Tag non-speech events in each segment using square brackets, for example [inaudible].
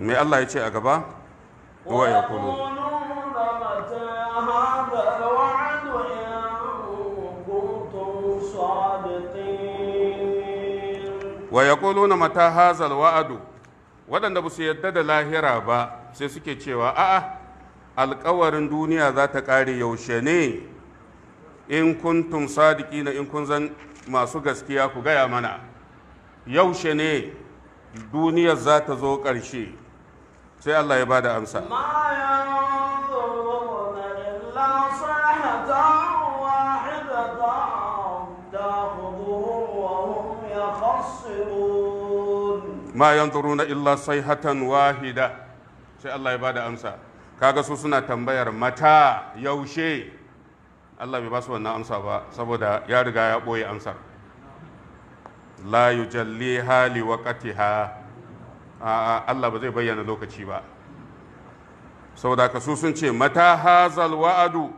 me Allah ya ce a gaba wa ya kulu wa ya kulu na mata hazal wa'adu waɗanda ba su yadda da lahira ba sai suke cewa a'a alkawarin duniya za ta ƙare yaushe ne in kuntum sadiki na in kun zan masu gaskiya ku gaya mana yaushe ne duniyar za ta zo ƙarshe sai Allah ya bada amsa ma na illa sayhatan wahida sai Allah ya bada amsa kaga su suna tambayar mata yaushe Allah bai ba su wannan amsa ba saboda ya riga ya ɓoye amsar la yujalli hali ha. Allah ba zai bayyana lokaci ba saboda ka su sun ce mata hazal wa'adu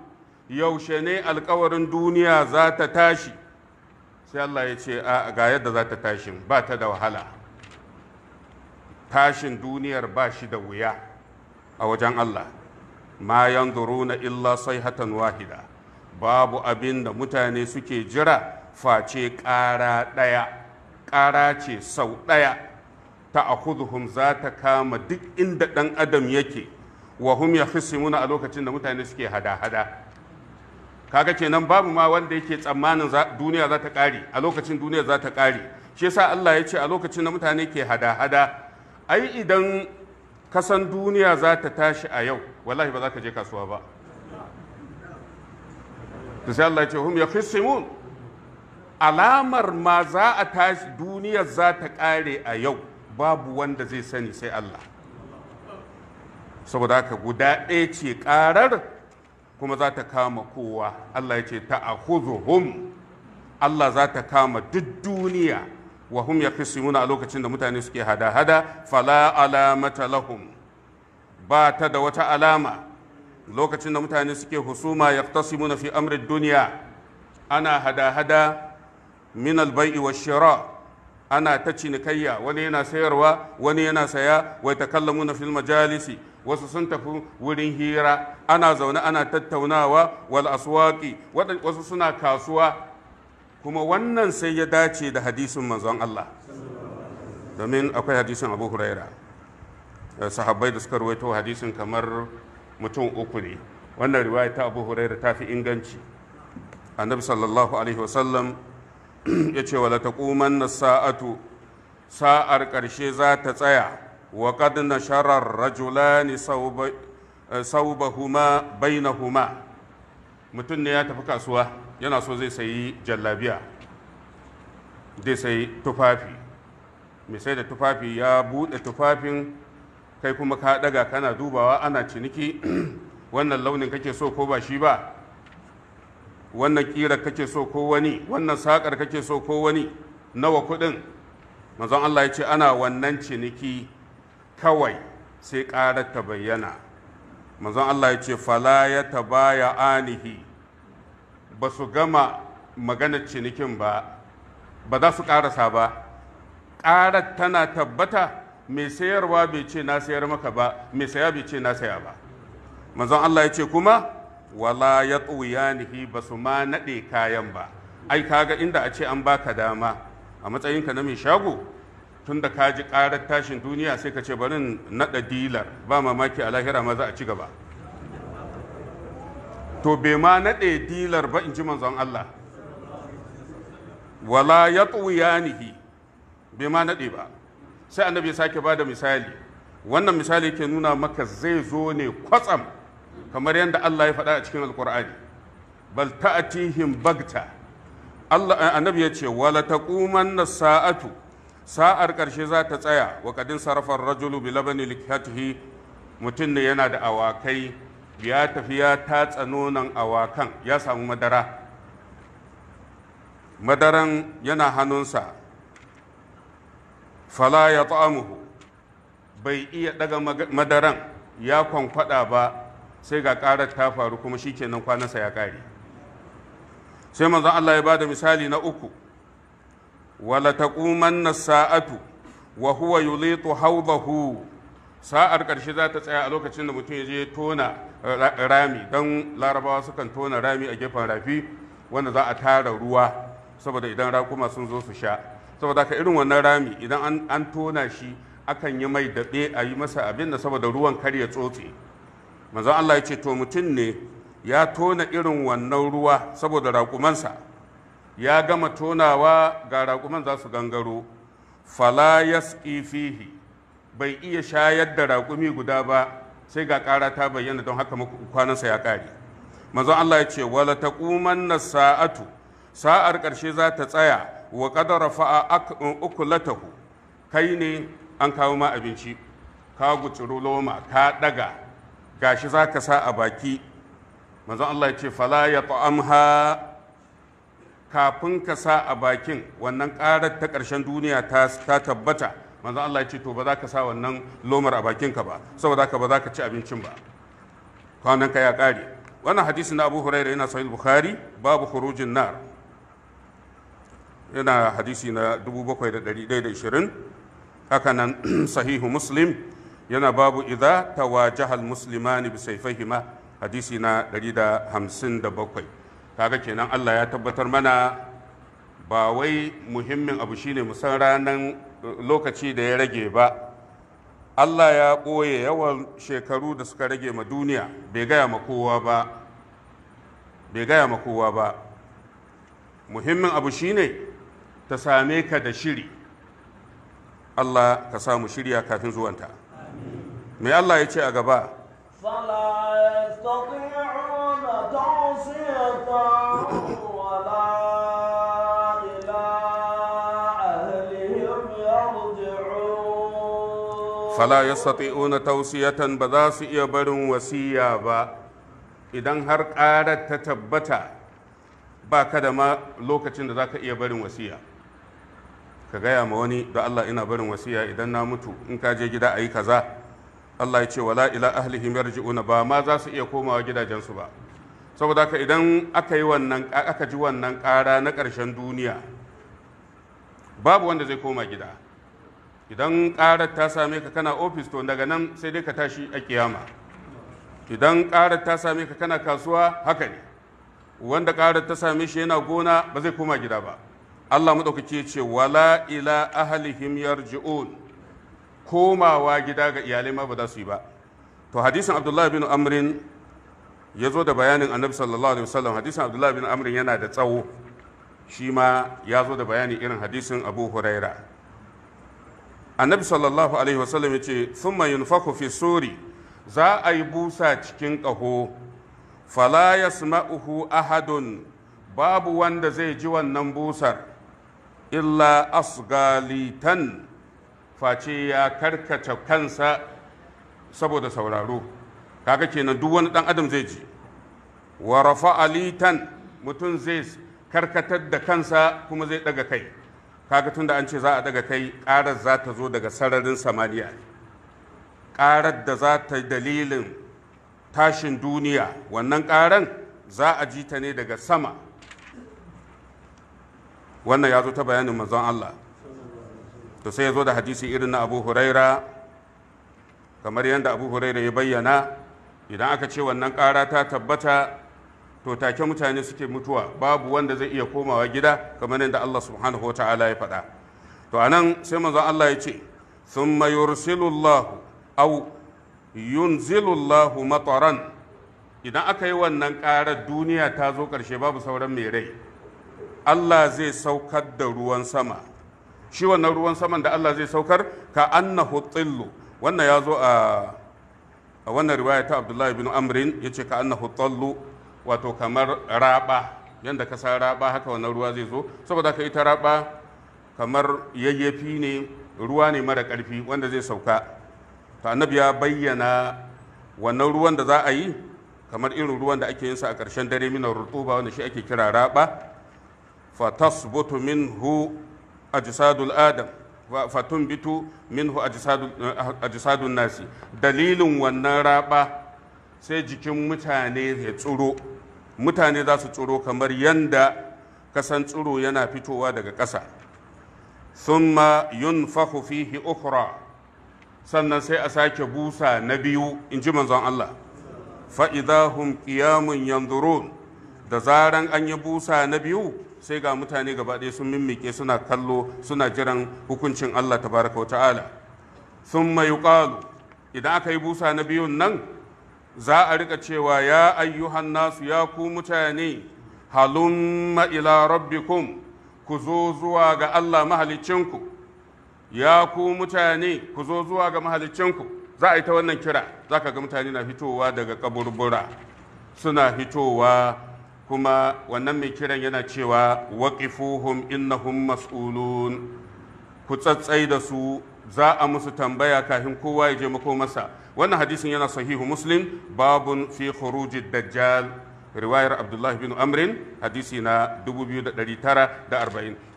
yaushe ne alkawarin duniya za ta tashi sai Allah ya ce ga yadda za ta tashi ba ta da wahala tashin duniyar ba shi da wuya a wajen Allah ma na illa sai hatan wahida babu abin da mutane suke jira face ƙara ɗaya ƙara ce sau ɗaya ta'khudhuhum za ta kama duk inda ɗan adam yake wa hum yakhsimuna a lokacin da mutane suke hada-hada kaga kenan babu ma wanda yake tsammanin duniya za ta kare a lokacin duniya za ta kare shi yasa Allah ya ce a lokacin da mutane ke hada-hada ai idan kasan duniya za ta tashi a yau wallahi ba za ka je kasuwa ba to sai Allah ya ce hum yakhsimun alamar ma za a tashi duniyar za ta kare a yau babu wanda zai sani sai Allah saboda haka guda ɗaya ce ƙarar kuma za ta kama kowa Allah ya ce ta'akhudhuhum Allah za ta kama duk duniya wa hum yaqsimuna a lokacin da mutane suke hada-hada fala alamata lahum ba ta da wata alama lokacin da mutane suke husuma yaqtasimuna fi amri duniya ana hada-hada min albaii wa shira ana ta cinikayya wani yana sayarwa wani yana saya wai na fil majalisi wasu sun tafi wurin hira ana zaune ana tattaunawa wal aswaqi wasu suna kasuwa kuma wannan sai ya dace da hadisin manzon Allah domin akwai hadisin Abu Huraira sahabbai da suka rawaito hadisin kamar mutum uku ne wannan riwaya ta Abu Huraira ta fi inganci annabi sallallahu alaihi wasallam ya ce wa ƙuman na sa'atu sa'ar ƙarshe za ta tsaya wa ba huma bai na bainahuma mutum ne ya tafi kasuwa yana so zai sayi jallabiya zai sayi tufafi mai sai da tufafi ya buɗe tufafin kai kuma ka ɗaga kana dubawa ana ciniki [clears throat] wannan launin kake so ko ba shi ba wannan kira kake so ko wani wannan sakar kake so ko wani nawa kuɗin manzon Allah ya ce ana wannan ciniki kawai sai ƙara ta bayyana manzon Allah ya ce fala ya tabaya anihi ba su gama maganar cinikin ba ba za su ƙarasa ba ƙarar tana tabbata mai sayarwa bai ce na sayar maka ba mai saya bai ce na saya ba manzon Allah ya ce kuma wala ya tsuyanihi ba su ma naɗe kayan ba ai kaga inda a ce an baka dama a matsayinka na mai shago tun da ka ji ƙarar tashin duniya sai ka ce barin naɗa dilar ba mamaki a lahira ma za a ci gaba to bai ma naɗe dilar ba in ji manzon Allah wala ya tsuyanihi bai ma naɗe ba sai annabi sake ba da misali wannan misali ke nuna maka zai zo ne kwatsam kamar yadda Allah ya faɗa a cikin alkur'ani bal ta'atihim bagta Allah eh, annabi ya ce wala taquman sa'atu sa'ar karshe za ta tsaya wa kadin sarafar rajulu bi labani likhatihi mutum ne yana da awakai ya tafi ya tatsa awakan ya samu madara madaran yana hannunsa fala ya ta'amuhu bai iya daga madaran ya kwankwada ba sai ga karar ta faru kuma shi kenan sa ya kare sai manzon Allah ya bada misali na uku wala taqumanna sa'atu wa huwa yulitu hawdahu sa'ar karshe za ta tsaya a lokacin da mutum ya je tona rami don larabawa sukan tona rami a gefen rafi wanda za a tara ruwa saboda idan rakuma sun zo su sha saboda ka irin wannan rami idan an tona shi akan yi mai daɓe a yi masa abin da saboda ruwan kar ya tsotse manzon Allah ya ce to mutum ne ya tona irin wannan ruwa saboda raƙumansa ya gama tonawa ga raƙuman za su gangaro fala ya fihi bai iya shayar da raƙumi guda ba sai ga ƙara ta bayyana don haka kwanansa ya kare. manzon Allah ya ce wala na sa'atu sa'ar ƙarshe za ta tsaya wa qad rafa'a ukulatahu kai ne an kawo ma abinci ka gutsuru loma ka daga gashi za ka sa a baki manzo Allah ya ce fala ya ta'amha kafin ka sa a bakin wannan ƙarar ta karshen duniya ta tabbata manzo Allah ya ce to ba za ka sa wannan lomar a bakin ka ba saboda ka ba za ka ci abincin ba kwanan ka ya ƙare wannan hadisi na Abu Hurairah yana sahih Bukhari babu khurujin nar yana hadisi na 7120 haka nan [clears throat] sahihu Muslim yana babu idza tawajaha almuslimani bi hadisi na 157 kaga kenan Allah ya tabbatar mana ba wai muhimmin abu shine mu san ranan eh, lokaci da ya rage ba Allah ya ɓoye yawan shekaru da suka rage ma duniya bai gaya ma kowa ba bai gaya ma kowa ba muhimmin abu shine ta same ka da shiri Allah ka samu shirya kafin zuwanta Mai Allah ya ce a gaba فلا يستطيعون توصية ولا إلى أهلهم يرجعون فلا يستطيعون توصية بذاس idan har ƙarar ta tabbata ba ka da ma lokacin da za ka iya barin wasiya ka gaya ma wani da Allah ina barin wasiya idan na mutu in ka je gida a yi kaza Allah ya ce wala ila ahlihim yarji'una ba ma za su iya komawa gidajensu ba saboda haka idan aka yi wannan aka ji wannan ƙara na ƙarshen duniya babu wanda zai koma gida idan ƙarar ta same ka kana ofis to daga nan sai dai ka tashi a kiyama idan ƙarar ta same ka kana kasuwa haka ne wanda ƙarar ta same shi yana gona ba zai koma gida ba Allah maɗaukaki ya ce wala ila ahlihim yarji'un komawa gida ga iyalai ma ba za su yi ba to hadisin abdullahi bin amrin ya zo da bayanin annabi sallallahu alaihi wasallam hadisin abdullahi bin amrin yana da tsawo shi ma ya zo da bayanin irin hadisin abu huraira annabi sallallahu alaihi wasallam ya ce thumma yunfaku fi sori za a yi busa cikin ƙaho fala yasma'uhu ahadun babu wanda zai ji wannan busar illa asgalitan face ya karkata kansa saboda sauraro kaga kenan duk wani dan adam zai ji wa rafa alitan mutum zai karkatar da kansa kuma zai daga kai kaga tunda an ce za a daga kai karar za ta zo daga sararin samaniya karar da za ta dalilin tashin duniya wannan karan za a ji ta ne daga sama wannan ya zo ta bayanin manzon Allah to sai ya zo da hadisi irin na abu huraira kamar yadda abu huraira ya bayyana idan aka ce wannan ƙara ta tabbata to take mutane suke mutuwa babu wanda zai iya komawa gida kamar yadda allah subhanahu wa ta'ala ya faɗa to anan sai manzon allah ya ce ثم يرسل الله أو ينزل idan aka yi wannan ƙarar duniya ta zo ƙarshe babu sauran mai rai Allah zai saukar da ruwan sama shi wannan ruwan saman da Allah zai saukar ka annahu tsillu wannan ya zo a wannan riwaya ta Abdullahi bin Amrin ya ce ka annahu tsallu wato kamar raba yanda ka sa raba haka wannan ruwa zai zo saboda ka ita raba kamar yayyafi ne ruwa ne mara ƙarfi wanda zai sauka to annabi ya bayyana wannan ruwan da za a yi kamar irin ruwan da ake yin sa a ƙarshen dare minar rutuba wanda shi ake kira raba fa tasbutu minhu ajsadul adam fatun bitu minhu ajsadun nasi dalilin wannan raba sai jikin mutane ya tsuro mutane za su tsuro kamar yanda kasan tsuro yana fitowa daga ƙasa summa yunfahu fihi ukhra sannan sai a sake busa na biyu in ji manzon Allah fa'idahum ƙiyamun yanzurun da zaran an yi busa na biyu sai ga mutane gaba ɗaya sun mimmike suna kallo suna jiran hukuncin Allah ta baraka ta'ala sun mai ƙalu idan aka yi busa na biyun nan za a rika cewa ya ayyuhan hannasu ya ku mutane halumma ila rabbikum ku zo zuwa ga Allah mahalicinku ya ku mutane ku zo zuwa ga mahalicinku za a yi ta wannan kira za ka ga mutane na fitowa daga kaburbura suna fitowa kuma wannan mai kiran yana cewa waqifuhum innahum mas'ulun ku tsatsai da su za a musu tambaya kafin kowa ya je masa wannan hadisin yana sahihu muslim babun fi khurujid dajjal riwayar abdullah bin amrin hadisi na 2940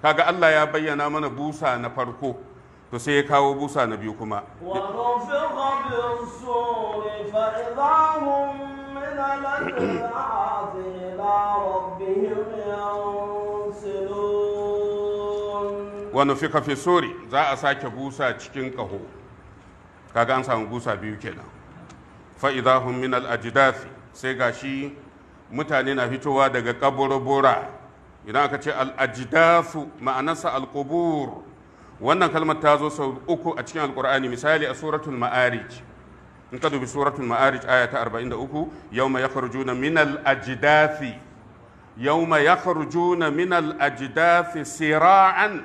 kaga Allah ya bayyana mana busa na farko to sai ya kawo busa na biyu kuma Wani الأشعاث za a sake busa cikin kaho kaga an samu busa biyu kenan fa'idahun min al'ajidafi sai gashi mutane na fitowa daga kaburbura idan aka ce al'ajidafu ma'anarsa al'ubur wannan kalmar ta zo sau uku a cikin alkur'ani misali a suratul ma'arij in ka dubi suratul ma'arij aya ta 43 yawma yakhrujuna min al-ajdathi yawma yakhrujuna min al-ajdathi sira'an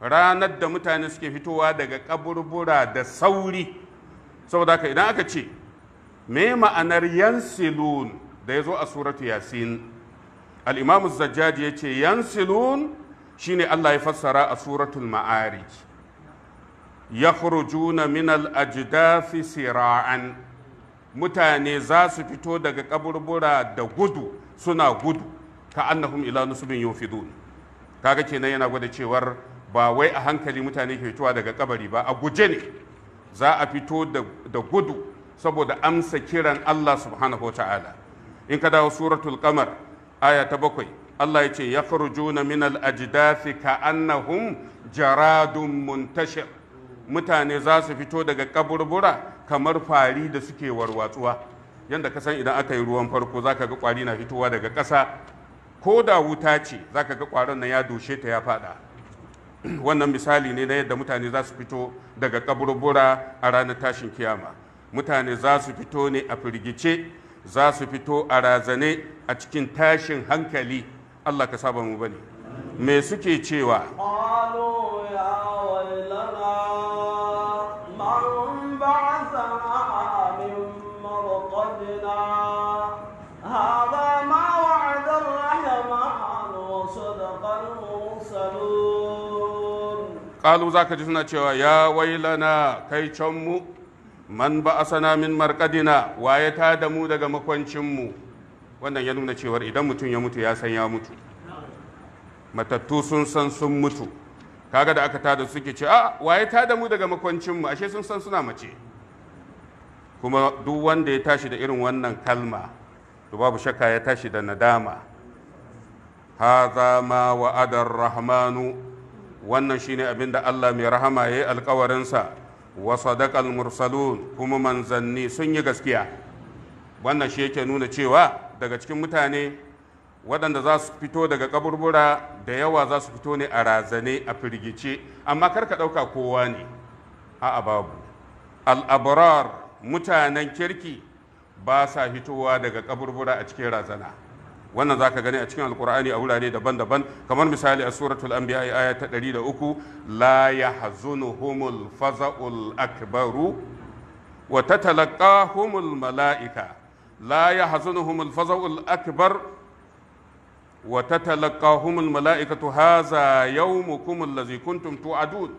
ranar da mutane suke fitowa daga kaburbura da sauri saboda haka idan aka ce me ma'anar yansilun da ya zo a suratu yasin al-imamu zajjaji ya ce yansilun shine Allah ya fassara a suratul ma'arij yakhrujuna min al-ajdathi sira'an mutane za su fito daga kaburbura da gudu suna gudu ka annahum ila nusbin yufidun kaga kenan yana gwada cewar ba wai a hankali mutane ke fitowa daga kabari ba a guje ne za a fito da gudu saboda amsa kiran Allah subhanahu wa ta'ala in ka dawo suratul qamar aya ta bakwai Allah ya ce yakhrujuna min al-ajdathi ka annahum jaradun muntashir mutane za su fito daga kaburbura kamar fari da suke warwatsuwa yadda ka san idan aka yi ruwan farko za ka ga kwari na fitowa daga ƙasa ko da wuta ce za ka ga kwaron na ya doshe ta ya faɗa [clears throat] wannan misali ne na yadda mutane za su fito daga kaburbura a ranar tashin kiyama mutane za su fito ne a firgice za su fito a razane a cikin tashin hankali allah ka saba mu bane me suke cewa kalu za ka ji suna cewa ya wailana kai canmu man ba sana min markadina waye ta da mu daga makwancinmu wannan ya nuna cewar idan mutum ya mutu ya san ya mutu matattu sun san sun mutu kaga da aka ta da suke ce a waye ta da mu daga makwancinmu ashe sun san suna mace kuma duk wanda ya tashi da irin wannan kalma to babu shakka ya tashi da nadama haza ma wa'adar rahmanu wannan shine abin da Allah mai rahama ya yi alkawarinsa wa sadaqal mursalun kuma manzanni sun yi gaskiya wannan shi yake nuna cewa daga cikin mutane waɗanda za su fito daga kaburbura da yawa za su fito ne a razane a firgice amma kar ka ɗauka kowa ne a'a babu al'abarar mutanen kirki ba sa fitowa daga kaburbura a cikin razana wannan zaka gani a cikin alkur'ani a wurare daban-daban kamar misali a suratul anbiya aya ta 103 la yahzunuhumul faza'ul akbaru wa tatalaqahumul malaika la yahzunuhumul faza'ul akbar wa tatalaqahumul malaikatu hadha yawmukum allazi kuntum tu'adun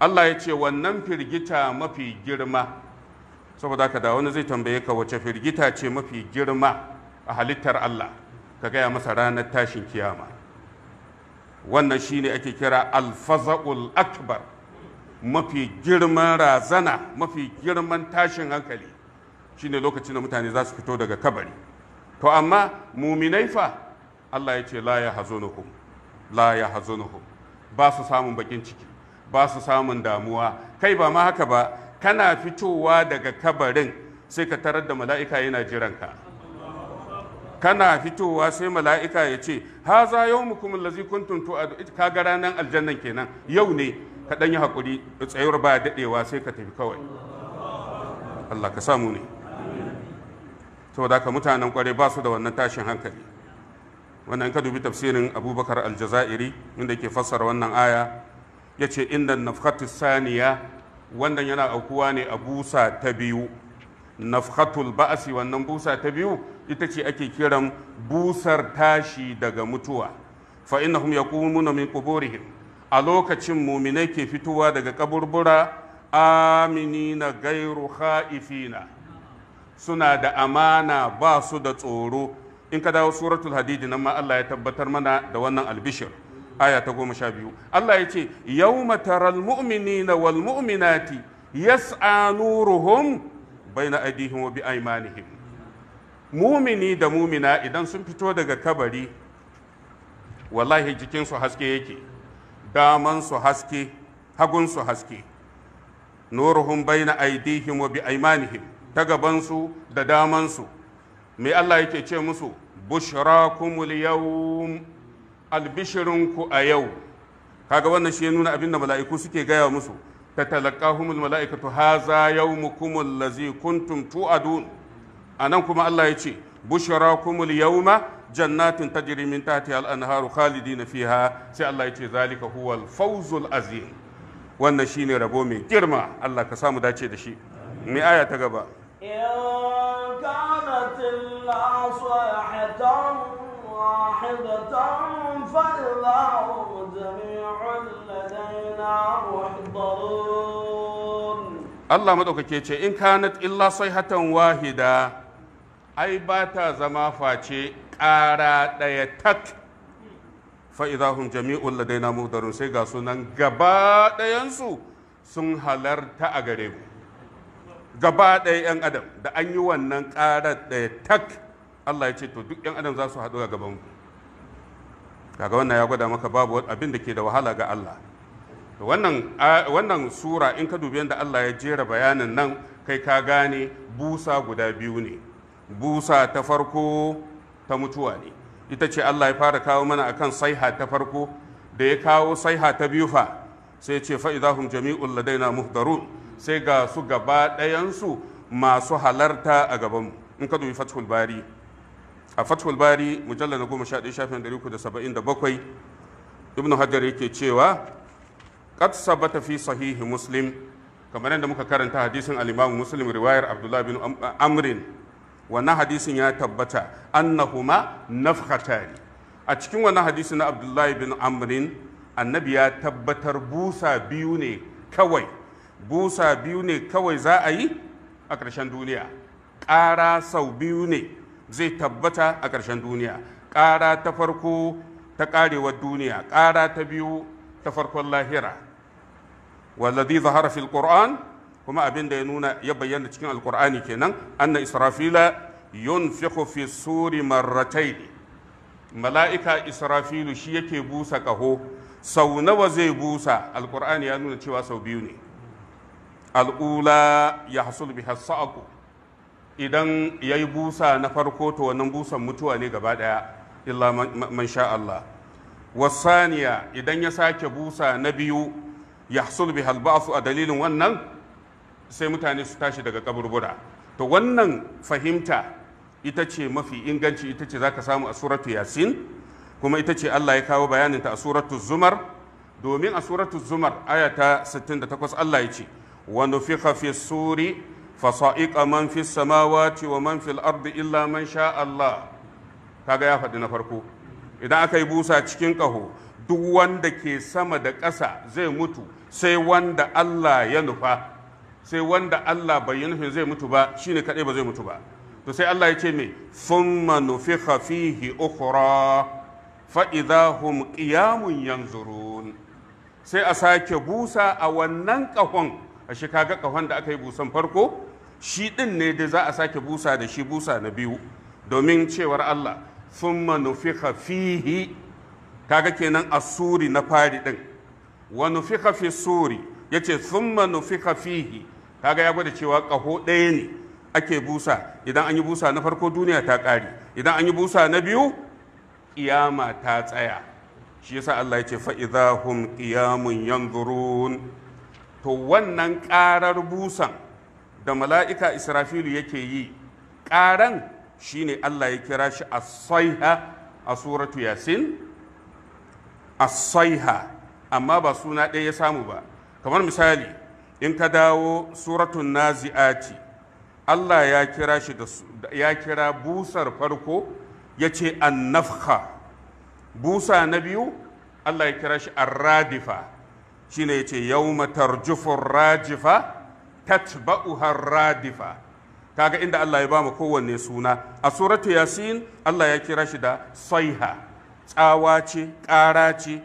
Allah ya ce wannan firgita mafi girma saboda haka da wani zai tambaye ka wace firgita ce mafi girma a halittar Allah ka gaya masa ranar tashin kiyama wannan shine ake kira alfaza'ul akbar mafi girman razana mafi girman tashin hankali shine lokacin da mutane za su fito daga kabari to amma muminai fa Allah ya ce la ya hazunuhum la ya hazunuhum ba su samun bakin ciki ba su samun damuwa kai ba ma haka ba kana fitowa daga kabarin sai ka tarar da mala'ika yana jiranka kana fitowa sai mala'ika ya ce haza yau mukumin lazi kuntum to ka ga ranar aljannan kenan yau ne ka ɗan yi haƙuri tsayuwar ba daɗewa sai ka tafi kawai Allah ka samu ne saboda ka mutanen kwarai ba su da wannan tashin hankali wannan ka dubi tafsirin abubakar aljazairi inda ke fassara wannan aya ya ce inda nafkatu saniya wannan yana aukuwa ne a busa ta biyu nafhatul ba'asi wannan busa ta biyu ita ce ake kiran busar tashi daga mutuwa fa innahum yaqumuna min quburihim a lokacin muminai ke fitowa daga kaburbura aminina gairu kha'ifina suna da amana ba su da tsoro in ka dawo suratul hadidi nan ma Allah ya tabbatar mana da wannan albishir aya ta goma sha biyu Allah ya ce yawma taral mu'minina wal mu'minati yas'a nuruhum baina aidihim wa bi mumini da mumina idan sun fito daga kabari wallahi jikinsu haske yake daman su haske hagun su haske nuruhum baina aidihim wa bi aymanihim ta gabansu da damansu me Allah yake ce musu bushrakumul yawm albishrunku a yau kaga wannan shi ya nuna abin da mala'iku suke gaya musu tatalaqahum almalaikatu haza yawmukum allazi kuntum tu'adun anan kuma Allah yace bushrakum yauma jannatin tajri min tahtiha al-anharu khalidina fiha sai Allah yace zalika huwal fawzul azim wannan shine rabo mai girma Allah ka samu dace da shi mai aya ta gaba in kanat allah فإذا ce in kanat illa hatan wahida ai ba ta zama face ƙara ɗaya tak fa'iza hum jami'un ladaina muhdarun sai ga sunan gaba ɗayansu sun halarta a gare mu gaba ɗaya ‘yan adam da an yi wannan ƙara ɗaya tak Allah ya ce to duk 'yan adam za su haɗu a gaban ku kaga wannan ya gwada maka babu abin da ke da wahala ga Allah wannan sura in ka dubi yadda Allah ya jera bayanin nan kai ka gane busa guda biyu ne busa ta farko ta mutuwa ne ita ce Allah ya fara kawo mana akan saiha ta farko da ya kawo saiha ta biyu fa sai ce fa jami'un jami'ul ladaina muhdarun sai ga su gaba ɗayansu masu halarta a gabanmu in ka dubi fathul bari a fathul bari mujallar na goma sha ɗaya shafin ɗari da saba'in da bakwai ibn hajar yake cewa qad sabata fi sahihi muslim kamar yadda muka karanta hadisin al-imam muslim riwayar abdullah bin amrin wannan hadisin ya tabbata annahuma nafkhatani a cikin wannan hadisi na abdullahi bin amrin annabi ya tabbatar busa biyu ne kawai busa biyu ne kawai za a yi a ƙarshen duniya ƙara sau biyu ne zai tabbata a ƙarshen duniya ƙara ta farko ta ƙarewar duniya ƙara ta biyu ta farkon lahira wallazi zahara fil qur'an kuma abin da ya nuna ya bayyana cikin alqur'ani kenan anna israfila yunfiqu fi suri marratayn mala'ika israfilu shi yake busa kaho sau nawa zai busa alqur'ani ya nuna cewa sau biyu ne al'ula ya hasul biha sa'aqu idan ya yi busa na farko to wannan busan mutuwa ne gaba ɗaya illa man sha Allah wasaniya idan ya sake busa na biyu ya sulbi halbasu a dalilin wannan sai mutane su tashi daga kaburbura to wannan fahimta ita ce mafi inganci ita ce za ka samu a suratu yasin kuma ita ce Allah ya kawo bayaninta a suratu zumar domin a suratu zumar aya ta 68 Allah ya ce wa nufiqa fi suri fasa'iqa man fis samawati wa man fil illa man sha kaga ya faɗi na farko idan aka yi busa cikin ƙaho duk wanda ke sama da ƙasa zai mutu sai wanda Allah ya nufa sai wanda Allah bai yi nufin zai mutu ba shine kadai ba zai mutu ba to sai Allah ya ce me thumma nufikha fihi ukhra fa idahum qiyamun yanzurun sai a sake busa a wannan kahon a shi kaga kahon da aka yi busan farko shi ɗin ne da za a sake busa da shi busa na biyu domin cewar Allah sun manufi fihi kaga kenan asuri na fari ɗin wa nufika fi suri ya ce sun manufi fihi kaga ya gwada cewa ƙaho ɗaya ne ake busa idan an yi busa na farko duniya ta ƙare idan an yi busa na biyu ƙiyama ta tsaya shi yasa Allah ya ce fa'idahum ƙiyamun yanzurun to wannan ƙarar busan da mala'ika israfilu yake yi ƙaran shine Allah ya kira shi a saiha a suratu yasin a saiha amma ba suna ɗaya ya samu ba kamar misali in ka dawo suratun nazi'ati Allah ya kira shi da ya kira busar farko ya ce annafha busa na biyu Allah ya kira shi arradifa shine ya ce yau matarjufin rajifa tatba'uha radifa kaga inda Allah ya bamu kowanne suna a suratu yasin Allah ya kira shi da saiha tsawa ce ƙara ce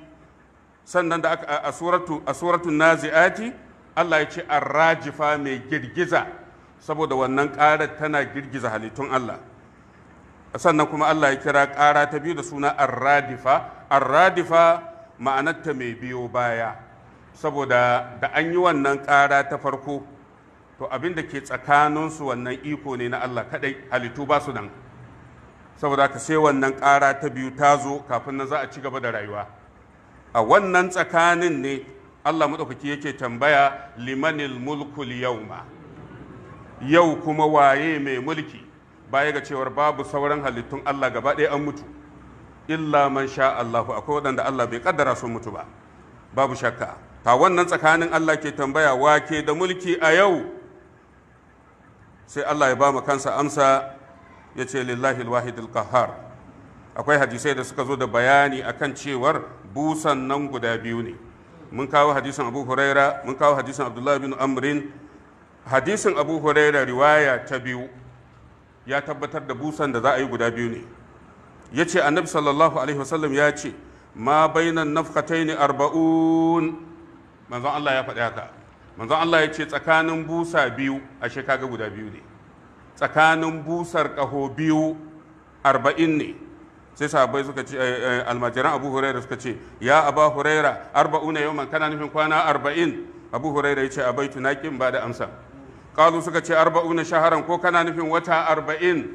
sannan da a suratu a suratu nazi'ati Allah ya ce arrajifa mai girgiza saboda wannan ƙara tana girgiza halittun Allah sannan kuma Allah ya kira ƙara ta biyu da suna arradifa arradifa ma'anarta mai biyo baya saboda da an yi wannan ƙara ta farko to abin da ke tsakaninsu wannan iko ne na Allah kaɗai halittu ba su nan saboda ka sai wannan ƙara ta biyu ta zo kafin na za a ci gaba da rayuwa a wannan tsakanin ne Allah maɗaukaki yake tambaya limanil mulkul yauma yau kuma waye mai mulki baya ga cewar babu sauran halittun Allah gaba ɗaya an mutu illa man sha Allahu akwai waɗanda Allah bai kaddara su mutu ba babu shakka ta wannan tsakanin Allah ke tambaya wake da mulki a yau sai Allah ya ba mu kansa amsa ya ce lillahi alwahidul qahhar akwai hadisai da suka zo da bayani akan cewar busan nan guda biyu ne mun kawo hadisin Abu Huraira mun kawo hadisin Abdullahi bin Amrin hadisin Abu Huraira riwaya ta biyu ya tabbatar da busan da za a yi guda biyu ne ya ce annabi sallallahu alaihi wasallam ya ce ma bainan nafkatai ne arba'un manzon Allah ya faɗi haka manzon Allah ya ce tsakanin busa biyu a kaga guda biyu ne tsakanin busar ƙaho biyu arba'in ne sai sahabbai suka ce eh, eh, almajiran abu huraira suka ce ya aba huraira arba'una yau kana nufin kwana arba'in abu huraira ya ce a baitu ba da amsa kalu suka ce arba'u na shaharan ko kana nufin wata arba'in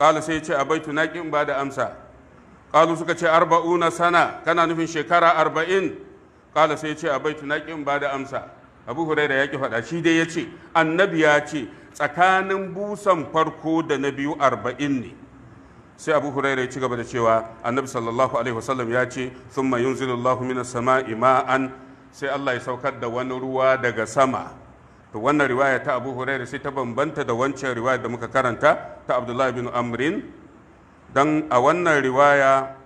kalu sai ya ce a baitu ba da amsa kalu suka ce arba'u na sana kana nufin shekara arba'in kala sai ce a baitu na ƙin ba da amsa abu huraira ya ki faɗa shi dai ya ce annabi ya ce tsakanin busan farko da na biyu arba'in ne sai abu huraira ya ci gaba da cewa annabi sallallahu alaihi wasallam ya ce sun ma yunzilullahu minas sama ima'an sai Allah ya saukar da wani ruwa daga sama to wannan riwaya ta abu huraira sai ta bambanta da wancan riwaya da muka karanta ta abdullahi bin amrin dan a wannan riwaya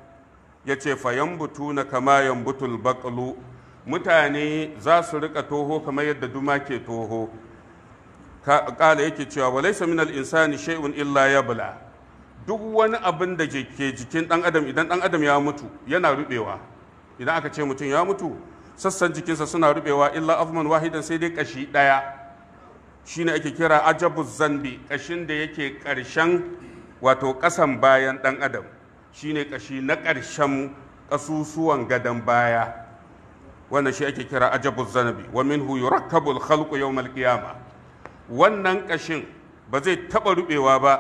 ya ce fayan butu na kama yambutul baƙalu mutane za su rika toho kamar yadda duma ke toho kala yake cewa walaisa min insani shay'un illa yabla duk wani abin da ke jikin dan adam idan dan adam ya mutu yana rubewa idan aka ce mutum ya mutu sassan jikinsa suna rubewa illa afman wahidan sai dai kashi daya shine ake kira ajabu zambi kashin da yake ƙarshen wato ƙasan bayan dan adam shine kashi na ƙarshen ƙasusuwan gadon baya wannan shi ake kira ajabu zanabi wa minhu yurakkabu al-khalqu yawm al-qiyama wannan kashin ba zai taba rubewa ba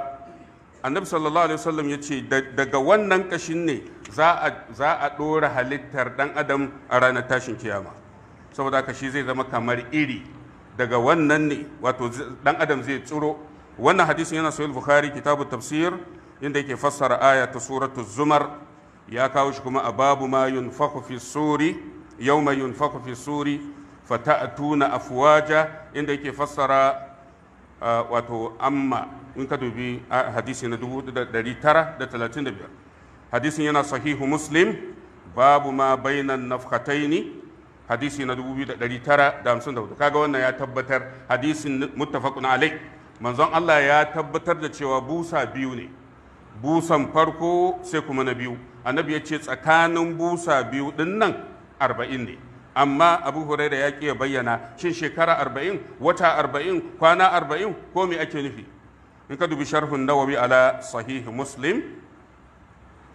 annabi sallallahu alaihi wasallam yace daga wannan kashin ne za a za a dora halittar dan adam a ranar tashin kiyama saboda kashi zai zama kamar iri daga wannan ne wato dan adam zai tsiro wannan hadisin yana sahih bukhari kitabu tafsir inda yake fassara aya ta suratul zumar ya kawo shi kuma a babu ma yunfaku fi suri yawma yunfaku fi suri fata'tuna afwaja inda yake fassara wato amma in ka dubi hadisi na 1935 hadisin yana sahihu muslim babu ma bainan nafkataini hadisi na 2954 kaga wannan ya tabbatar hadisin muttafaqun alai manzon Allah ya tabbatar da cewa busa biyu ne busan farko sai kuma na biyu annabi ya ce tsakanin busa biyu din nan arba'in ne amma abu huraira ya ƙi ya bayyana shin shekara arba'in wata arba'in kwana arba'in ko me ake nufi in ka dubi sharhun nawawi ala sahihi muslim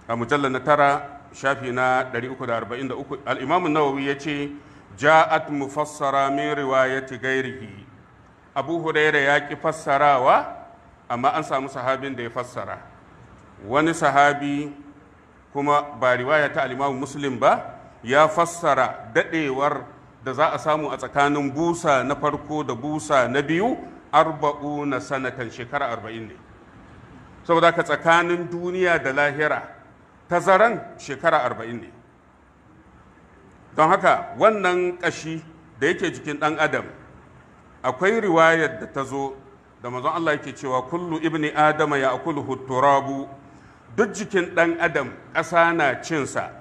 a mujallar na tara shafi na 343 al'imamun nawawi ya ce ja'at mufassara min riwayati gairihi abu huraira ya ƙi fassarawa amma an samu sahabin da ya fassara wani sahabi kuma ba riwaya ta al'imamu muslim ba ya fassara daɗewar da za a samu a tsakanin busa na farko da busa na biyu arba'u na sanatan shekara arba'in ne saboda ka tsakanin duniya da lahira tazaran shekara arba'in ne don haka wannan ƙashi da yake jikin ɗan adam akwai riwayar da ta zo da mazan Allah yake cewa kullu ibni adama ya akulu turabu duk jikin ɗan adam ƙasa na cinsa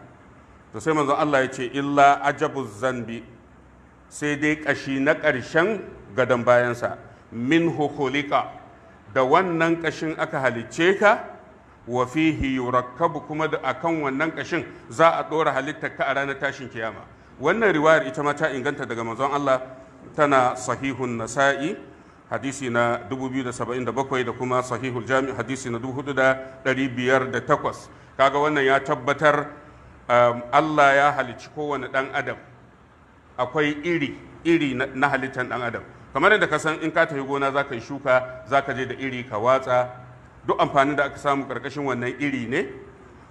to sai manzon Allah ya ce illa ajabu zanbi sai dai kashi na ƙarshen gadon bayansa min khuliqa da wannan kashin aka halicce ka wa fihi yurakkabu kuma da akan wannan kashin za a ɗora halittar ka a ranar tashin kiyama wannan riwayar ita ma ta inganta daga manzon Allah tana sahihun nasa'i hadisi na 2077 da kuma sahihul jami hadisi na 4508 kaga wannan ya tabbatar Um, Allah ya halici kowane ɗan adam akwai iri iri na halittar ɗan adam kamar yadda ka san in ka tafi gona za ka yi shuka za ka je da iri ka watsa duk amfanin da aka samu karkashin wannan iri ne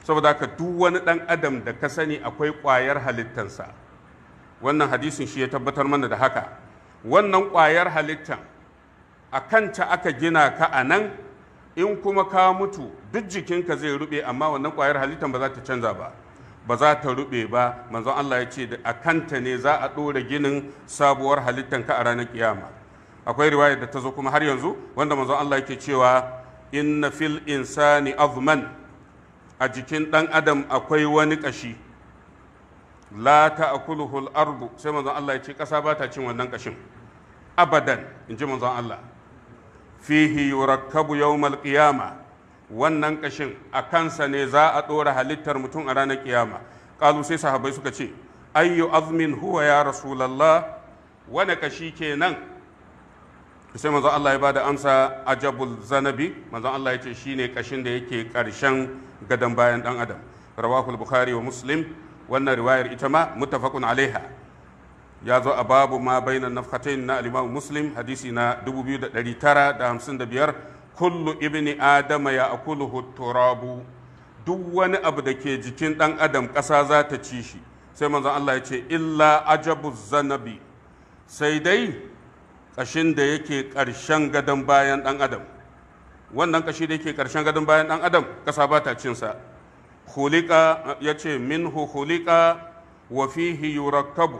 saboda haka duk wani ɗan adam da ka sani akwai ƙwayar halittansa wannan hadisin shi ya tabbatar mana da haka wannan ƙwayar halittan a kanta aka gina ka a nan in kuma ka mutu duk jikinka zai ruɓe amma wannan ƙwayar halittan ba za ta canza ba ba za ta rube ba manzon Allah ya ce a kanta ne za a ɗora ginin sabuwar halittanka a ranar kiyama akwai riwaya da ta zo kuma har yanzu wanda manzon Allah yake cewa inna fil insani azman a jikin ɗan adam akwai wani ƙashi la ta'kuluhu al-ardu sai manzon Allah ya ce ƙasa ba ta cin wannan ƙashin abadan in ji manzon Allah fihi yurakkabu yawmal qiyamah wannan kashin a kansa ne za a ɗora halittar mutum a ranar kiyama ƙalu sai sahabai suka ce ayyu azmin huwa ya rasulallah wani kashi kenan sai manzon Allah ya ba da amsa ajabul zanabi manzon Allah ya ce shine kashin da yake ƙarshen gadon bayan ɗan adam rawahul bukhari wa muslim wannan riwayar ita ma muttafaqun alaiha ya zo a babu ma bainan nafkatain na al-imam muslim hadisi na 2955 kullu ibni adama ya akuluhu turabu duk wani abu da ke jikin ɗan adam ƙasa za ta ci shi sai manzo Allah ya ce illa ajabu zanabi sai dai ƙashin da yake ƙarshen gadon bayan ɗan adam wannan ƙashi da yake ƙarshen gadon bayan ɗan adam ƙasa ba ta cinsa hulika ya ce minhu hulika wa fihi yurakkabu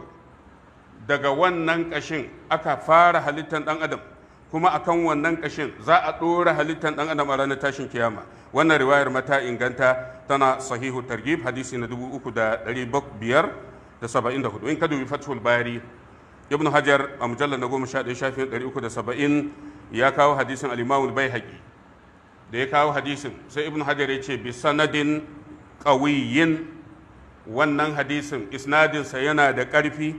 daga wannan ƙashin aka fara halittar ɗan adam kuma akan wannan kashin za a ɗora halittar ɗan adam a ranar tashin kiyama wannan riwayar mata inganta tana sahihu targib hadisi na dubu uku da ɗari biyar da saba'in da hudu in ka dubi fathul bari ibnu hajar a mujallar na goma sha ɗaya shafin ɗari uku da saba'in ya kawo hadisin alimawul bai haƙi da ya kawo hadisin sai ibnu hajar ya ce bi sanadin ƙawiyin wannan hadisin isnadinsa yana da ƙarfi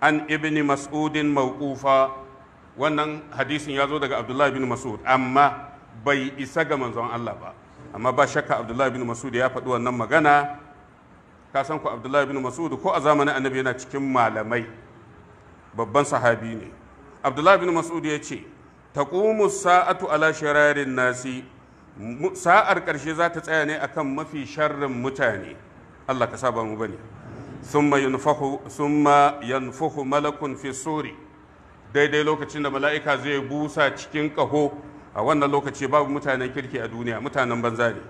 an ibni mas'udin mawqufa wannan hadisin ya zo daga abdullahi bin mas'ud amma bai isa ga manzon Allah ba amma ba shakka abdullahi bin mas'ud ya faɗi wannan magana ka san ku abdullahi bin mas'ud ko a zamanin annabi yana cikin malamai babban sahabi ne abdullahi bin mas'ud ya ce taqumu sa'atu ala shararin nasi sa'ar ƙarshe za ta tsaya ne akan mafi sharrin mutane Allah ka saba mu bane ثم ينفخ ثم ينفخ ملك daidai lokacin da mala'ika zai busa cikin ƙaho a wannan lokaci babu mutanen kirki a duniya mutanen banza ne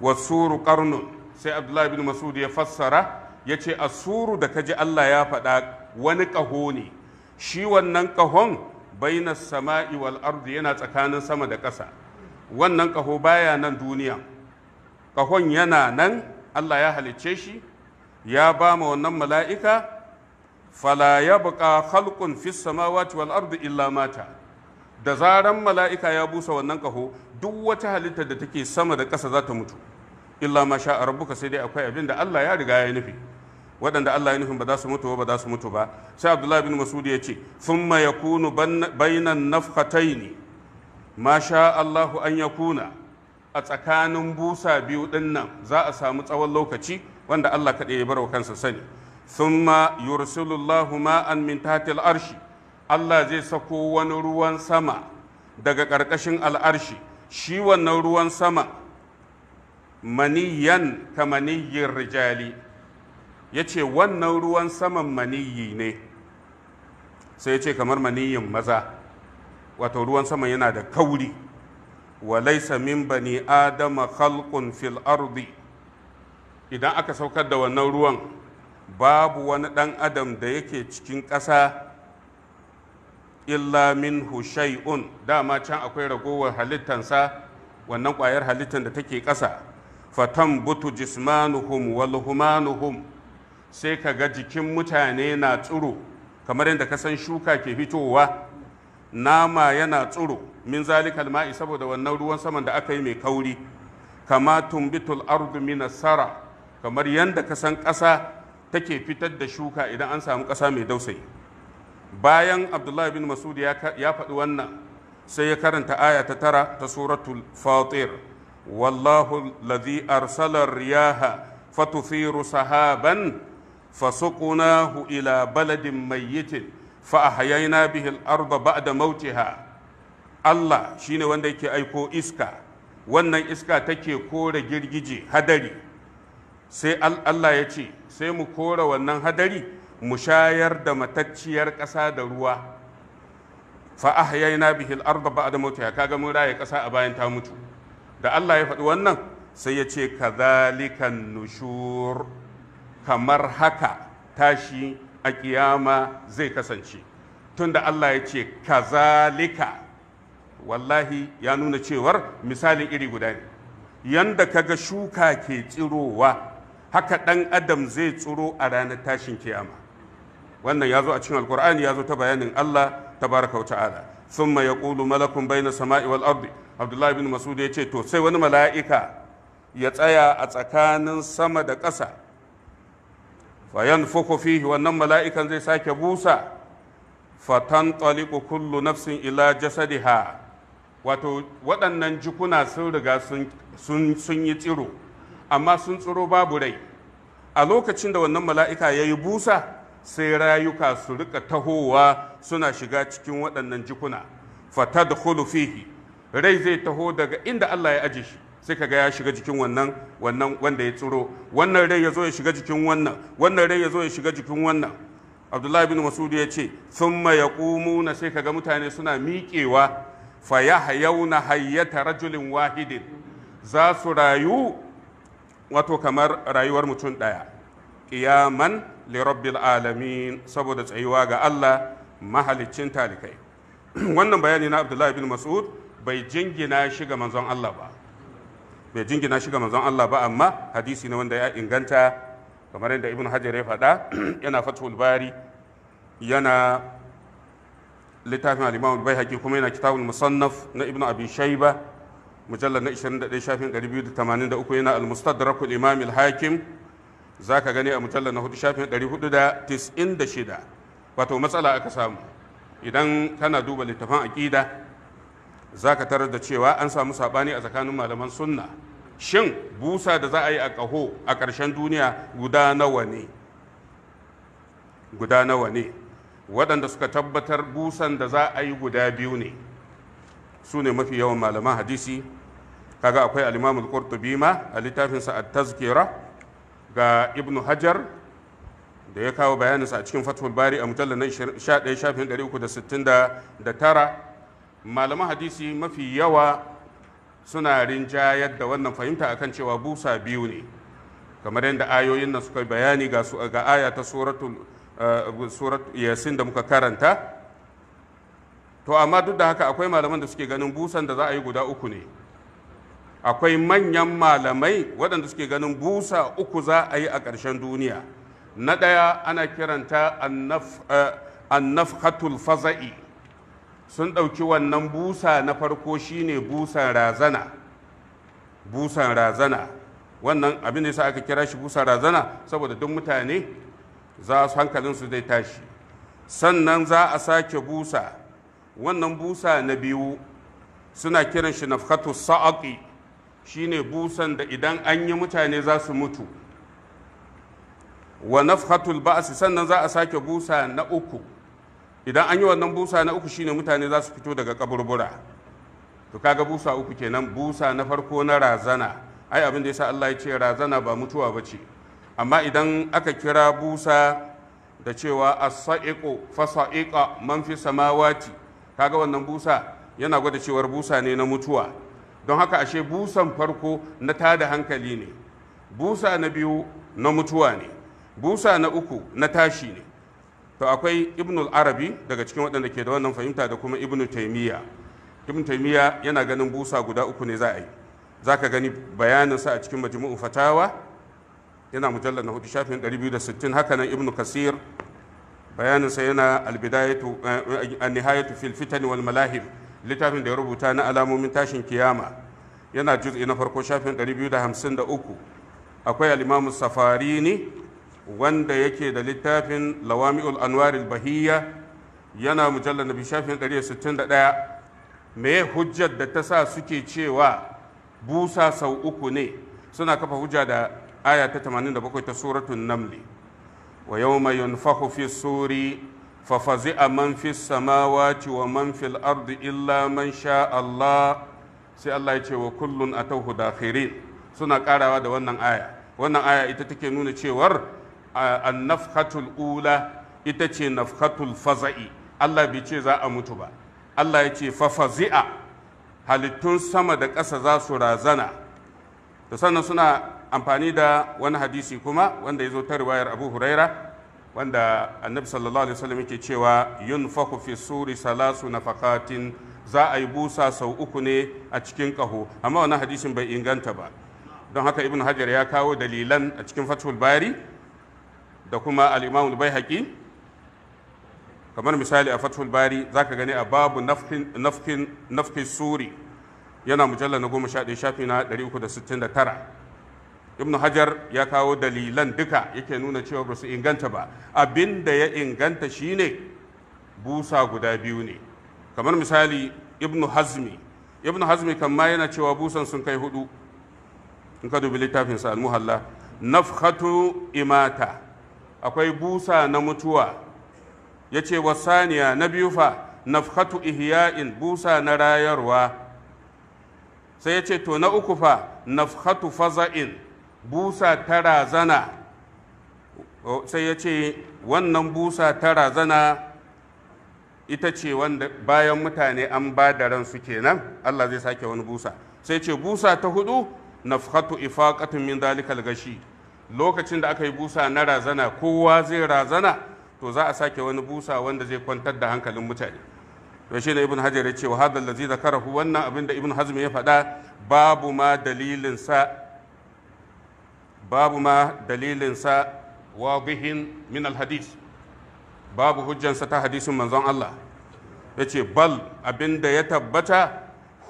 wasuru karnun sai abdullahi bin masud ya fassara ya ce asuru da kaji allah ya faɗa wani ƙaho ne shi wannan ƙahon baina sama'i wal ardu yana tsakanin sama da ƙasa wannan ƙaho baya nan duniya ƙahon yana nan allah ya halicce shi ya ba ma wannan mala'ika fala ya buƙa halkun fissa ardi illa mata da zaran mala'ika ya busa wannan kaho duk wata halitta da take sama da ƙasa za ta mutu illa ma sha ka sai dai akwai abin da Allah ya riga ya nufi waɗanda Allah ya nufin ba za su mutu ba za su mutu ba sai Abdullahi bin Masudi ya ce thumma yakunu bainan nafhataini ma sha Allahu an yakuna a tsakanin busa biyu ɗin nan za a samu tsawon lokaci wanda Allah kaɗai ya bar wa kansa sani thumma yursilullahu ma'an min tahtil arshi Allah zai sako wani ruwan sama daga ƙarƙashin al'arshi shi wannan ruwan sama maniyan ka maniyyin rijali ya ce wannan ruwan saman maniyyi ne sai ya ce kamar maniyyin maza wato ruwan sama yana da kauri walaisa min bani adama halkun fil ardi idan aka saukar da wannan ruwan babu wani ɗan adam da yake cikin ƙasa illa min shay'un dama can akwai ragowar halittansa wannan ƙwayar halittan da take ƙasa fatan butu jismanuhum walhumanuhum sai ka ga jikin mutane na tsuro. kamar yadda ka san shuka ke fitowa nama yana tsuru min zalikal ma'i saboda wannan ruwan saman da aka yi mai kauri kama tumbitul ardu minasara kamar yadda ka san ƙasa take fitar da shuka idan an samu ƙasa mai dausayi bayan abdullahi bin masud ya faɗi wannan sai ya karanta aya ta tara ta suratul fatir wallahu ladhi arsala riyaha fatuthiru sahaban fasuqnahu ila baladin mayyitin fa ahyayna bihi al-ardha ba'da mautiha Allah shine wanda yake aiko iska wannan iska take kore girgije hadari sai Allah ya ce sai mu kora wannan hadari mu shayar da matacciyar ƙasa da ruwa fa ahyayna bihi a da mutu ya kaga mun raye ƙasa a bayan ta mutu da Allah ya faɗi wannan sai ya ce zalikan nushur kamar haka tashi a kiyama zai kasance tunda Allah ya ce kazalika wallahi ya nuna cewar misalin iri guda ne yanda kaga shuka ke tsirowa haka ɗan adam zai tsoro a ranar tashin kiyama wannan ya zo a cikin alkur'ani ya zo ta bayanin allah ala sun ma summa yaqulu malakun baina sama'i wal ardi abdullahi bin masud ya ce to sai wani mala'ika ya tsaya a tsakanin sama da ƙasa fayan fuku fihi wannan mala'ikan zai sake busa fatan taliku kullu nafsin ila jasadiha wato waɗannan jikuna sun riga sun yi tsiro amma sun tsoro babu rai a lokacin da wannan mala'ika ya yi busa sai rayuka su rika tahowa suna shiga cikin waɗannan jikuna fata da fihi rai zai taho daga inda Allah ya aje shi sai kaga ya shiga jikin wannan wannan wanda ya tsoro. wannan rai ya zo ya shiga jikin wannan wannan rai ya zo ya shiga jikin wannan abdullahi bin masud ya ce sun thumma na sai kaga mutane suna miƙewa fa ya na hayyata rajulin wahidin za su rayu wato kamar rayuwar mutum ɗaya ƙiyaman lirabbil alamin saboda tsayuwa ga Allah mahaliccin talikai [clears throat] wannan bayani na abdullahi bin mas'ud bai jingina shi ga manzon Allah ba bai jingina shi ga manzon Allah ba amma hadisi ne wanda ya inganta kamar yadda ibn hajar ya faɗa [clears throat] yana fatul bari yana littafin al-imam al kuma yana kitabul musannaf na ibn abi shayba mujallar na 21 shafin 283 yana al-mustadrak al-imam al-hakim ka gani a mujallar na 4 shafin 496 wato matsala aka samu idan kana duba littafan littafin za ka tarar da cewa an samu saɓani a tsakanin malaman sunna shin busa da za a yi a ƙaho a ƙarshen duniya guda nawa ne guda nawa ne waɗanda suka tabbatar busan da za a yi guda biyu ne su ne mafi yawan malaman hadisi kaga akwai al-imam al-qurtubi ma a littafin sa at-tazkira ga Ibn hajar da ya kawo bayanin sa a cikin fathul bari a mujallal 11 shafin 369 malaman hadisi mafi yawa suna rinjayar da wannan fahimta akan cewa busa biyu ne kamar yadda ayoyin nan suka bayani ga ga aya ta suratul eh, suratul yasin da muka karanta to amma duk da haka akwai malaman da suke ganin busan da za a yi guda uku ne akwai manyan malamai waɗanda suke ganin busa uku za a yi a ƙarshen duniya na ɗaya ana kiranta eh, hatul faza'i sun ɗauki wannan busa na farko shine busan razana busan razana wannan abin da sa aka kira shi busan razana saboda duk mutane za su hankalinsu zai tashi sannan za a sake busa wannan busa na biyu suna kiran shi nafkatu saaƙi shine busan da idan an yi mutane za su mutu wa nafhatul ba'si sannan za a sake busa na uku idan an yi wannan busa na uku shine mutane za su fito daga kaburbura to kaga busa uku kenan busa na farko na razana ai abin da yasa Allah ya ce razana ba mutuwa bace amma idan aka kira busa da cewa as-sa'iqu fasa'iqa man fi samawati kaga wannan busa yana gwada cewar busa ne na mutuwa don haka ashe busan farko na tada hankali ne busa na biyu na mutuwa ne busa na uku na tashi ne to akwai ibnul arabi daga cikin waɗanda ke da wannan fahimta da kuma ibnu taimiyya ibn taimiyya yana ganin busa guda uku ne za a yi za ka gani sa a cikin majmu'u fatawa yana mujallar na hudu shafin 260 haka nan ibn kasir bayaninsa yana albidayatu eh, an-nihayatu fil fitan wal malahib littafin da ya rubuta na alamomin tashin kiyama yana juz'i na farko shafin 253 akwai al safarini wanda yake da littafin lawami'ul anwaril bahiyya yana mujallar nabi shafin 161 me hujjar da ta sa suke cewa busa sau uku ne suna kafa hujja da aya ta 87 ta suratun namli wa yawma yunfahu fi suri ففزي من في illa ومن في الارض الا من شاء الله سي الله يتي وكل اتوه داخرين سنا قراوا ده wannan aya wannan aya ita take nuna cewar annafhatul ula ita ce nafhatul fazai Allah bai ce za a mutu ba Allah ya ce fafazi'a halittun sama da ƙasa za su razana da sannan suna amfani da wani hadisi kuma wanda ya zo ta riwayar abu huraira wanda annabi sallallahu alaihi wasallam yake cewa yunfahu fi suri salasu nafakatin za a yi busa sau uku ne a cikin kaho amma wannan hadisin bai inganta ba don haka ibn hajar ya kawo dalilan a cikin fathul bari da kuma al-imam baihaqi kamar misali a fathul bari zaka gani a babu nafkin nafkin suri yana mujalla na goma sha ɗaya shafi na 369 ibn hajar ya kawo dalilan duka yake nuna cewa ba su inganta ba abin da ya inganta shine busa guda biyu ne kamar misali ibn hazmi ibn hazmi ma yana cewa busan sun kai hudu in ka dubi littafinsa al-muhalla nafhatu imata akwai busa na mutuwa ya ce saniya na biyu fa nafhatu ihya'in busa na rayarwa sai ya ce to na uku fa nafhatu faza'in busa ta razana sai ya ce wannan busa ta razana ita ce wanda bayan mutane an ba da ransu kenan Allah zai sake wani busa sai ce busa ta hudu nafhatu ifaqatun min zalikal gashi lokacin da aka yi busa na razana kowa zai razana to za a sake wani busa wanda zai kwantar da hankalin mutane to shine ibn hajar ya ce wa hadal ladzi zakarahu wannan abin da ibn hazm ya faɗa babu ma dalilin sa babu ma dalilinsa wadihin min alhadis babu hujjansa ta hadisin manzon Allah ya ce bal abinda ya tabbata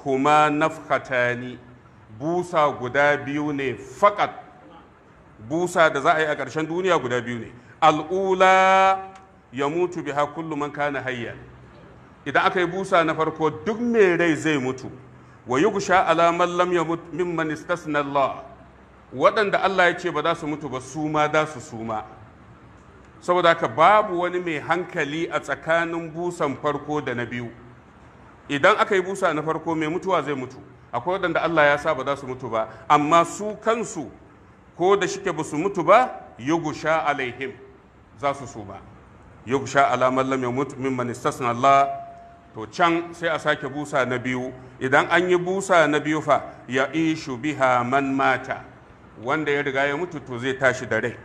huma nafhatani busa guda biyu ne fakat busa da za a yi a ƙarshen duniya guda biyu ne al'ula ya mutu biha kullum man kana hayya idan aka yi busa na farko duk mai rai zai mutu wa yugusha ala man lam min mimman na Allah waɗanda Allah ya ce ba za su mutu ba su ma za su suma saboda haka babu wani mai hankali a tsakanin busan farko da na biyu idan aka yi busa na farko mai mutuwa zai mutu akwai waɗanda Allah ya sa ba za su mutu ba amma su kansu ko da shike ba su mutu ba yugusha alaihim za su su ba yugusha alaman lam yamut mimman istasna Allah to can sai a sake busa na biyu idan an yi busa na biyu fa ya ishu biha man mata wanda ya riga ya mutu to zai tashi da rai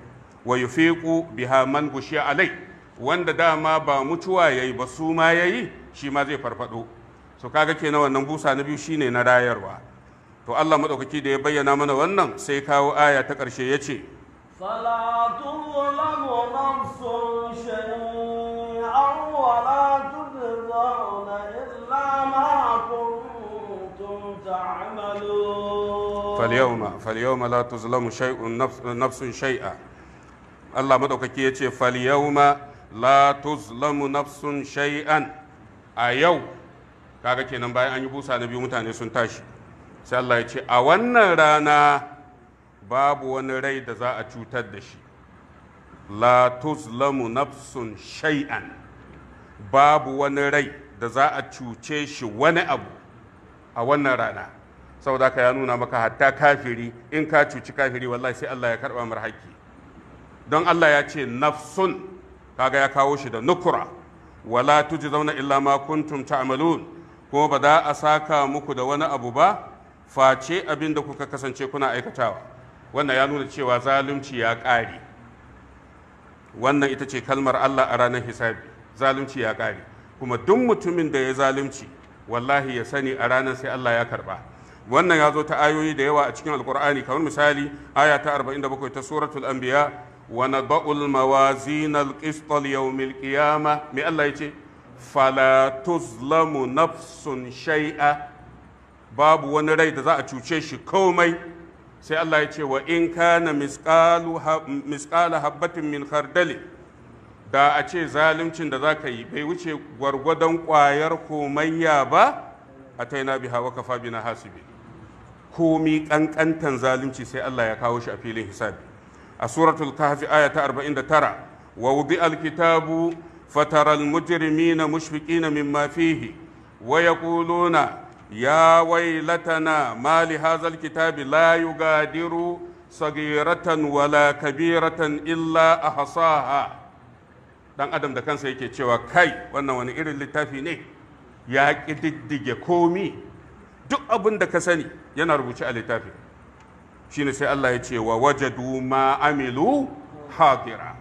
wa yufiqu biha man gushi alai wanda dama ba mutuwa yayi ba su ma yayi shi ma zai farfado so kaga kenan wannan busa na biyu shine na rayarwa to Allah madaukaki da ya bayyana mana wannan sai kawo aya ta ƙarshe yace فلا تظلم نفس شيئا ولا tudzauna illa ma تعملون فاليوم فاليوم لا تظلم شيء نفس, نفس شيئا الله مدوكاكي يتي فاليوم لا تظلم نفس شيئا أيو kaga kenan baya an yi busa na biyu mutane sun tashi sai Allah ya ce a wannan rana babu wani rai da za a cutar da shi la tuzlamu nafsun shay'an babu wani rai da za a cuce shi wani abu a wannan rana saboda ka ya nuna maka hatta kafiri in ka cuci kafiri wallahi sai Allah ya karba mar haƙƙi don Allah ya ce nafsun kaga ya kawo shi da nukura wala tuji zauna illa ma kuntum amalu kuma ba za a saka muku da wani abu ba face abin da kuka kasance kuna aikatawa wannan ya nuna cewa zalunci ya ƙare wannan ita ce kalmar Allah a ranar hisabi zalunci ya ƙare kuma duk mutumin da ya zalunci wallahi ya sani a ranar sai Allah ya karba wannan ya zo ta ayoyi da yawa a cikin alkur'ani kamar misali aya ta 47 ta suratul anbiya wa nadba'ul mawazin alqist yawmil qiyamah me Allah yace fala tuzlamu nafsun shay'a babu wani rai da za a cuce shi komai sai Allah ya ce wa in kana misqalu misqala habatin min khardali da a ce zaluncin da za ka yi bai wuce gwargwadon ƙwayar komayya ba a ta yana biha waka fabi na hasibi komi ƙanƙantan zalunci sai Allah ya kawo shi a filin hisabi a suratul kahfi aya ta 49 wa wudi alkitabu fataral mujrimina mushfiqina mimma fihi wa yaquluna ya waylatana ma li hadzal kitabi la yugadiru sagiratan wala kabiratan illa ahsaha dan adam da kansa yake cewa kai wannan wani irin littafi ne ya ƙididdige komi duk abin da ka sani yana rubuce a littafi shine sai Allah ya ce wa wajadu ma amilu hadira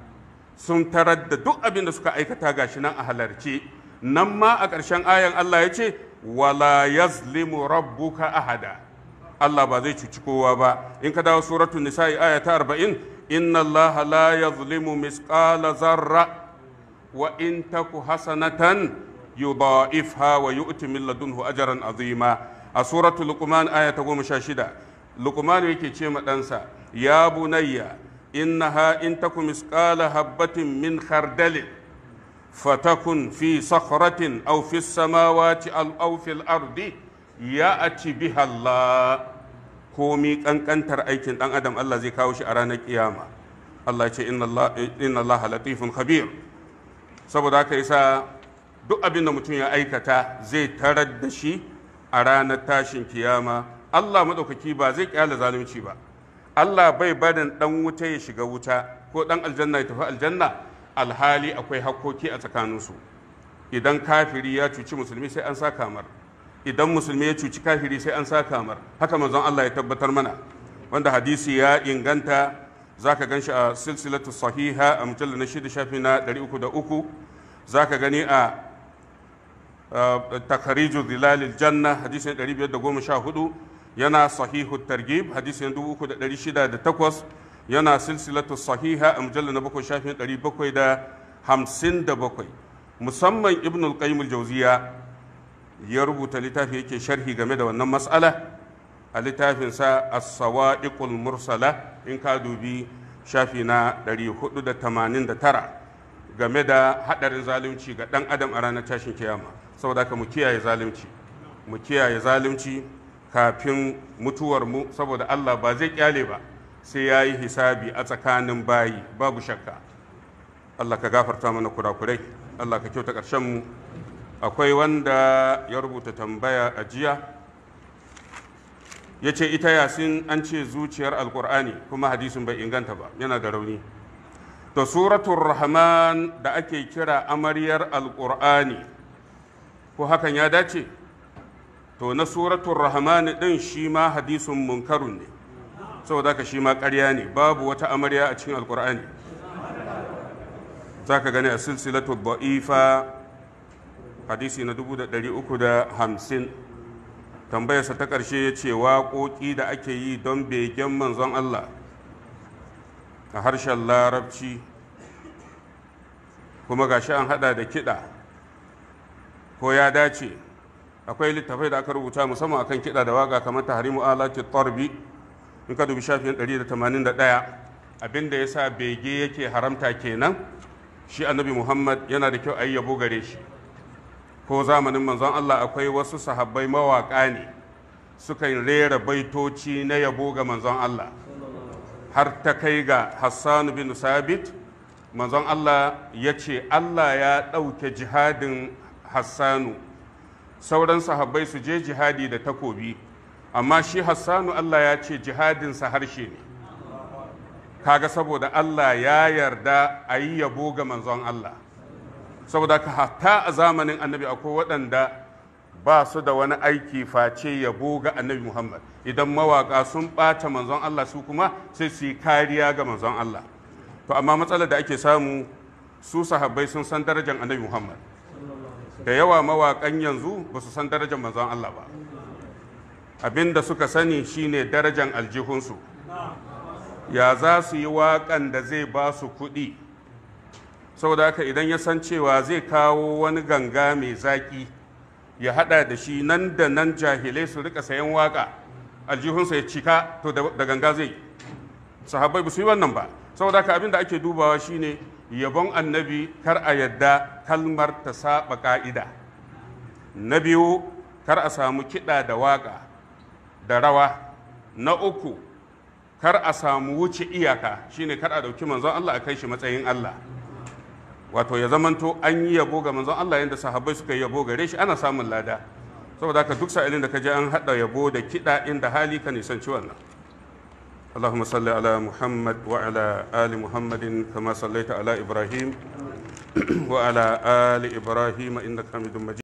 sun tarar da duk abin da suka aikata gashi nan a halarci nan ma a ƙarshen ayan Allah ya ce wala yazlimu rabbuka ahada Allah ba zai cuci kowa ba in ka dawo suratul nisa'i aya ta 40 inna allaha la yazlimu misqala zarra wa in taku hasanatan yudha'ifha wa yu'ti min ladunhu ajran azima a suratul luqman aya ta 16 luqman yake ce ma ɗansa ya bunayya innaha in taku misqala habatin min khardalin fatakun fi sakhratin aw fi samawati aw fil ardi ya'ti biha Allah komi kankantar aikin dan adam Allah zai kawo shi a ranar kiyama Allah ce inna Allah latifun khabir saboda haka yasa duk abin da mutum ya aikata zai tarar da shi a ranar tashin kiyama Allah maɗaukaki ba zai kyala zalunci ba Allah bai barin ɗan wuta ya shiga wuta ko dan aljanna ya tafi aljanna alhali akwai hakkoki a tsakaninsu idan kafiri ya cuci musulmi sai an sa kamar idan musulmi ya cuci kafiri sai an sa kamar haka manzon Allah ya tabbatar mana wanda hadisi ya inganta za ka gan shi a silsilatu sahiha a mujallar na shida shafi na 303 za ka gani a Takarijin zilalil janna hadisin 514 yana sahihu targib hadisin 3608 yana silsilatu sahiha a mujallar na bakwai shafin 757 musamman ibn al-qayyim al-jawziya ya rubuta littafi yake sharhi game da wannan matsala a littafinsa as-sawa'iqul mursala in ka dubi shafi na 489 game da haɗarin zalunci ga ɗan adam a ranar tashin kiyama saboda ka mu kiyaye zalunci mu kiyaye zalunci kafin mutuwar mu saboda Allah ba zai kyale ba sai ya yi hisabi a tsakanin bayi babu shakka Allah ka gafarta mana kurakurai Allah ka kyauta ƙarshen mu akwai wanda ya rubuta tambaya a jiya ya ce ita yasin an ce zuciyar alkur'ani kuma hadisin bai inganta ba yana da rauni to suratul rahman da ake kira amaryar alkur'ani ko hakan ya dace to na suratul rahman din shi ma hadisin munkarun ne saboda ka shi ma ƙarya ne babu wata amarya a cikin alkur'ani za ka gani a silsilatul ba'ifa hadisi na 350 tambayarsa ta ƙarshe ya ce waƙoƙi da ake yi don begen manzon Allah a harshen larabci kuma ga shi an haɗa da kiɗa ko ya dace akwai littafai da aka rubuta musamman akan kiɗa da waƙa kamar ta harimu alati tarbi in ka dubi shafin 181 abinda ya sa bege yake haramta kenan shi annabi muhammad yana da kyau a yi yabo gare shi ko zamanin manzon Allah akwai wasu sahabbai mawaƙa ne sukan rera baitoci na yabo ga manzon Allah har ta kai ga Hassan bin Sabit manzon Allah ya ce Allah ya ɗauke jihadin Hassanu sauran sahabbai su je jihadi da takobi amma shi Hassanu Allah ya ce jihadinsa harshe ne kaga saboda Allah ya yarda a yi yabo ga manzon Allah saboda ka hatta a zamanin annabi akwai waɗanda ba su da wani aiki face yabo ga annabi muhammad idan mawaƙa sun ɓata manzon allah su kuma sai su yi kariya ga manzon allah to amma matsalar da ake samu su sahabbai sun san darajar annabi muhammad da yawa mawaƙan yanzu ba su san darajar manzon allah ba Abin da suka sani shine darajar aljihunsu ya za su yi waƙan da zai ba su kuɗi saboda haka idan ya san cewa zai kawo wani ganga mai zaƙi ya haɗa da shi nan da nan jahilai su rika sayan waƙa aljihunsa ya cika to da ganga zai sahabbai ba su yi wannan ba saboda haka abin da ake dubawa shine yabon annabi kar a yadda kalmar ta saba ka'ida na biyu kar a samu kiɗa da waƙa da rawa na uku kar a samu wuce iyaka shine kar a ɗauki manzon Allah a kai shi matsayin Allah wato ya zamanto an yi yabo ga manzon Allah yadda sahabbai suka yi yabo gare shi ana samun lada saboda haka duk sa'ilin da ka je an haɗa yabo da kiɗa inda hali ka nisanci wannan اللهم صل على محمد وعلى آل محمد كما صليت على إبراهيم وعلى آل إبراهيم إنك حميد مجيد